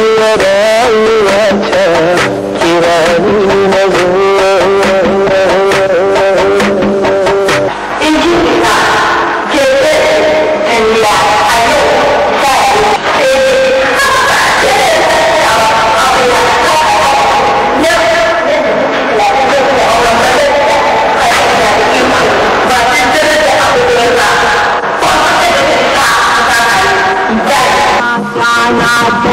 Shiva, Shiva,